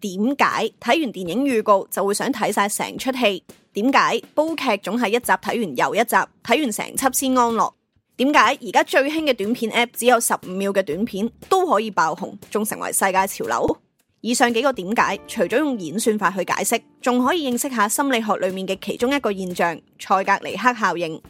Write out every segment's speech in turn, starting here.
點解睇完電影預告就會想睇晒成出戲？點解煲劇總係一集睇完又一集，睇完成輯先安樂？點解而家最興嘅短片 app 只有十五秒嘅短片都可以爆紅，仲成為世界潮流？以上幾個點解，除咗用演算法去解釋，仲可以認識下心理學裏面嘅其中一個現象——塞格尼克效應。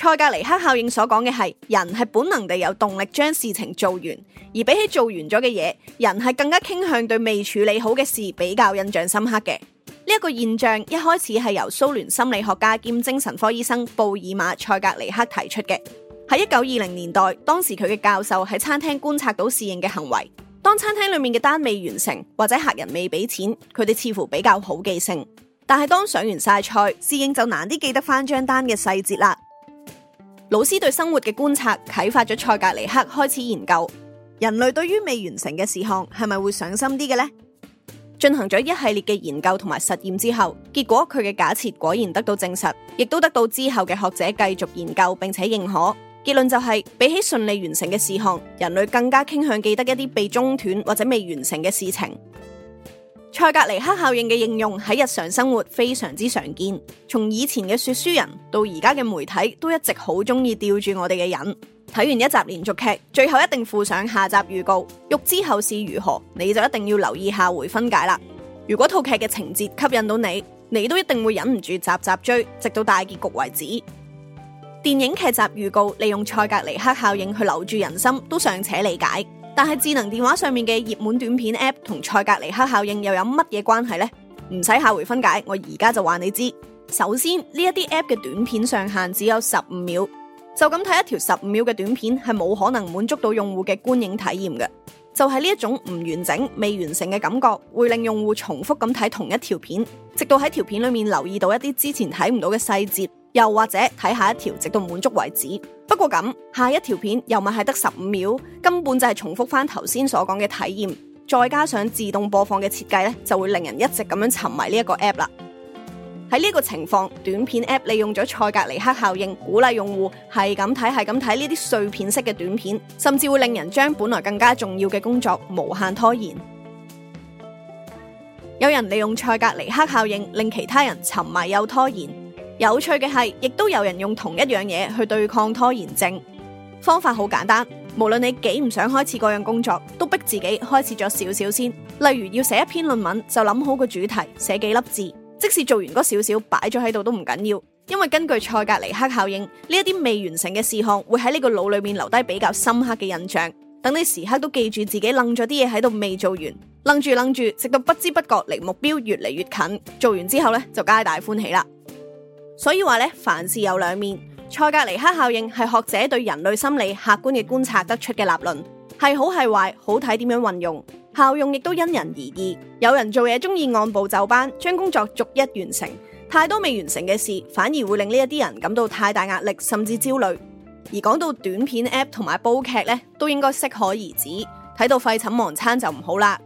塞格尼克效應所講嘅係，人係本能地有動力將事情做完，而比起做完咗嘅嘢，人係更加傾向對未處理好嘅事比較印象深刻嘅呢一個現象。一開始係由蘇聯心理學家兼精神科醫生布爾瑪塞格尼克提出嘅。喺一九二零年代，當時佢嘅教授喺餐廳觀察到侍應嘅行為，當餐廳裏面嘅單未完成或者客人未俾錢，佢哋似乎比較好記性，但係當上完晒菜，侍應就難啲記得翻張單嘅細節啦。老師對生活嘅觀察啟發咗塞格尼克開始研究人類對於未完成嘅事項係咪會上心啲嘅呢？進行咗一系列嘅研究同埋實驗之後，結果佢嘅假設果然得到證實，亦都得到之後嘅學者繼續研究並且認可。結論就係，比起順利完成嘅事項，人類更加傾向記得一啲被中斷或者未完成嘅事情。塞格尼克效應嘅應用喺日常生活非常之常見，從以前嘅說書人到而家嘅媒體，都一直好中意吊住我哋嘅人。睇完一集連續劇，最後一定附上下集預告，欲知後事如何，你就一定要留意下回分解啦。如果套劇嘅情節吸引到你，你都一定會忍唔住集集追，直到大結局為止。電影劇集預告利用塞格尼克效應去留住人心，都尚且理解。但係智能電話上面嘅熱門短片 App 同塞格尼克效應又有乜嘢關係呢？唔使下回分解，我而家就話你知。首先呢一啲 App 嘅短片上限只有十五秒，就咁睇一條十五秒嘅短片係冇可能滿足到用戶嘅觀影體驗嘅。就係呢一種唔完整，未完成嘅感覺，會令用戶重複咁睇同一條片，直到喺條片裏面留意到一啲之前睇唔到嘅細節。又或者睇下一條，直到滿足為止。不過咁，下一條片又咪係得十五秒，根本就係重複翻頭先所講嘅體驗。再加上自動播放嘅設計呢，就會令人一直咁樣沉迷呢一個 app 啦。喺呢個情況，短片 app 利用咗塞格尼克效應，鼓勵用戶係咁睇，係咁睇呢啲碎片式嘅短片，甚至會令人將本來更加重要嘅工作無限拖延。有人利用塞格尼克效應，令其他人沉迷又拖延。有趣嘅係，亦都有人用同一樣嘢去對抗拖延症。方法好簡單，無論你幾唔想開始嗰樣工作，都逼自己開始咗少少先。例如要寫一篇論文，就諗好個主題，寫幾粒字。即使做完嗰少少，擺咗喺度都唔緊要，因為根據賽格尼克效應，呢一啲未完成嘅事項會喺你個腦裏面留低比較深刻嘅印象，等你時刻都記住自己楞咗啲嘢喺度未做完。楞住楞住，直到不知不覺離目標越嚟越近。做完之後呢，就皆大歡喜啦。所以話咧，凡事有兩面。塞格尼克效應係學者對人類心理客觀嘅觀察得出嘅立論，係好係壞，好睇點樣運用。效用亦都因人而異。有人做嘢中意按部就班，將工作逐一完成，太多未完成嘅事，反而會令呢一啲人感到太大壓力，甚至焦慮。而講到短片 App 同埋煲劇咧，都應該適可而止，睇到廢寢忘餐就唔好啦。